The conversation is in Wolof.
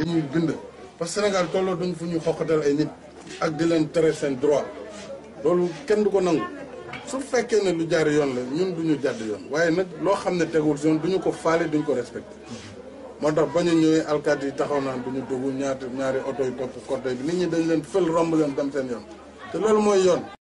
dañuy bind parce que Sénégal tolloo duñ fu ñuy xoqatal ay nit ak di leen tere seen droit loolu kenn du ko nangu su fekkee ne lu jaar yoon la ñun duñu jàdd yoon waaye nag loo xam ne tegul yoon duñu ko faale duñ ko respecté moo tax bañu ñëwee alkaati yi taxaw naan duñu dugg ñaata ñaari oto yi topp cortège bi nit ñi dañ leen fël romb leen dem seen yoon te loolu mooy yoon